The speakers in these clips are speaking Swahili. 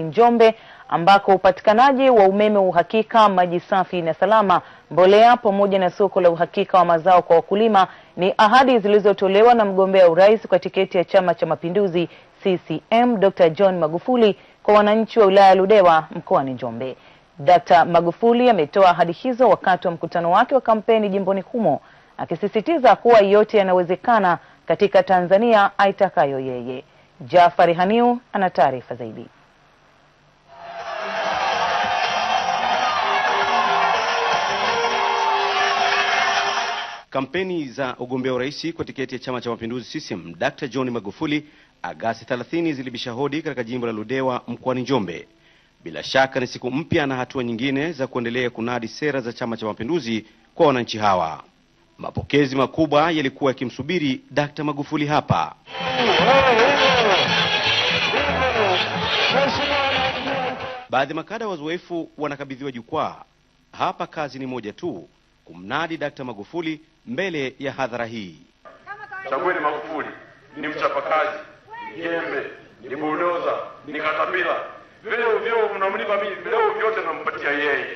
Njombe ambako upatikanaji wa umeme wa uhakika, maji safi na salama, mbolea pamoja na soko la uhakika wa mazao kwa wakulima ni ahadi zilizotolewa na mgombea urais kwa tiketi ya Chama cha Mapinduzi CCM Dr. John Magufuli kwa wananchi wa wilaya ya Ludewa mkoani Njombe. Dr. Magufuli ametoa ahadi hizo wakati wa mkutano wake wa kampeni jimboni humo, akisisitiza kuwa yote yanawezekana katika Tanzania aitakayo yeye. Jafari Haniu ana taarifa zaidi. Kampeni za ugombea urais kwa tiketi ya Chama cha Mapinduzi CCM Dr. John Magufuli Agasti 30 zilibisha hodi katika jimbo la Ludewa mkoani Njombe. Bila shaka ni siku mpya na hatua nyingine za kuendelea kunadi sera za Chama cha Mapinduzi kwa wananchi hawa. Mapokezi makubwa yalikuwa yakimsubiri Dr Magufuli hapa. Baadhi makada wazoefu wanakabidhiwa jukwaa. Hapa kazi ni moja tu, kumnadi Dr Magufuli mbele ya hadhara hii. Chagueni Magufuli. Ni mchapakazi, ni jembe, ni buldoza, ni katapila, Vile vyo mnamlipa mimi, vile vyote nampatia yeye.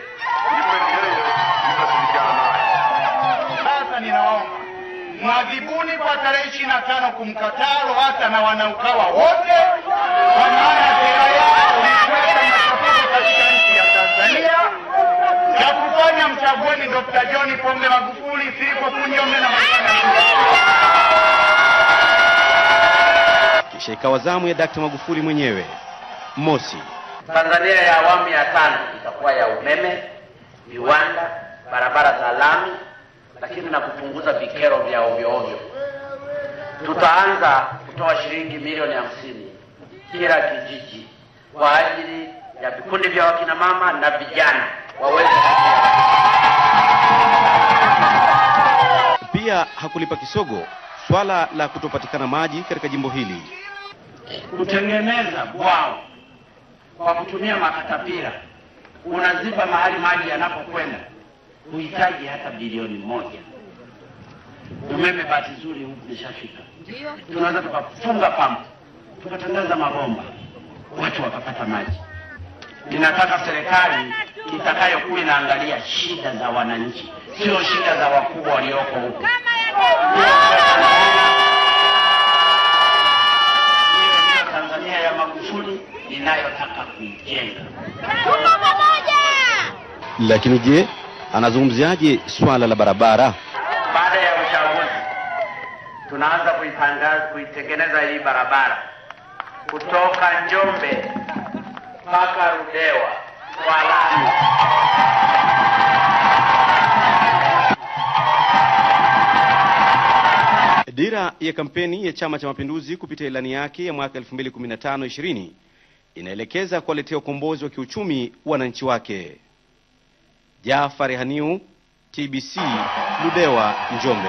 Sasa ninaomba mwadhibuni kwa tarehe ishirini na tano kumkataa Lowassa na wanaukawa wote kwa Pombe Magufuli, Filipo Punyonge na kisha ikawa zamu ya Dakta Magufuli mwenyewe. Mosi, Tanzania ya awamu ya tano itakuwa ya umeme, viwanda, barabara za lami, lakini na kupunguza vikero vya ovyo ovyo. Tutaanza kutoa shilingi milioni hamsini kila kijiji kwa ajili ya vikundi vya wakinamama na vijana waweze hakulipa kisogo swala la kutopatikana maji katika jimbo hili. Kutengeneza bwao kwa kutumia makatapira, unaziba mahali maji yanapokwenda, huhitaji hata bilioni moja. Umeme bahati nzuri huku nishafika, tunaweza tukafunga pampu tukatandaza mabomba, watu wakapata maji. Ninataka serikali itakayokuwa inaangalia shida za wananchi, sio shida za wakubwa walioko huko. Tanzania ya Magufuli inayotaka kuijenga. Lakini je, anazungumziaje swala la barabara? Baada ya uchaguzi, tunaanza kuitangaza kuitengeneza hii barabara kutoka Njombe mpaka Rudewa Mwalani. Dira ya kampeni ya Chama cha Mapinduzi kupitia ilani yake ya mwaka 2015 2020 inaelekeza kuwaletea ukombozi wa kiuchumi wananchi wake. Jafari Haniu, TBC, Ludewa, Njombe.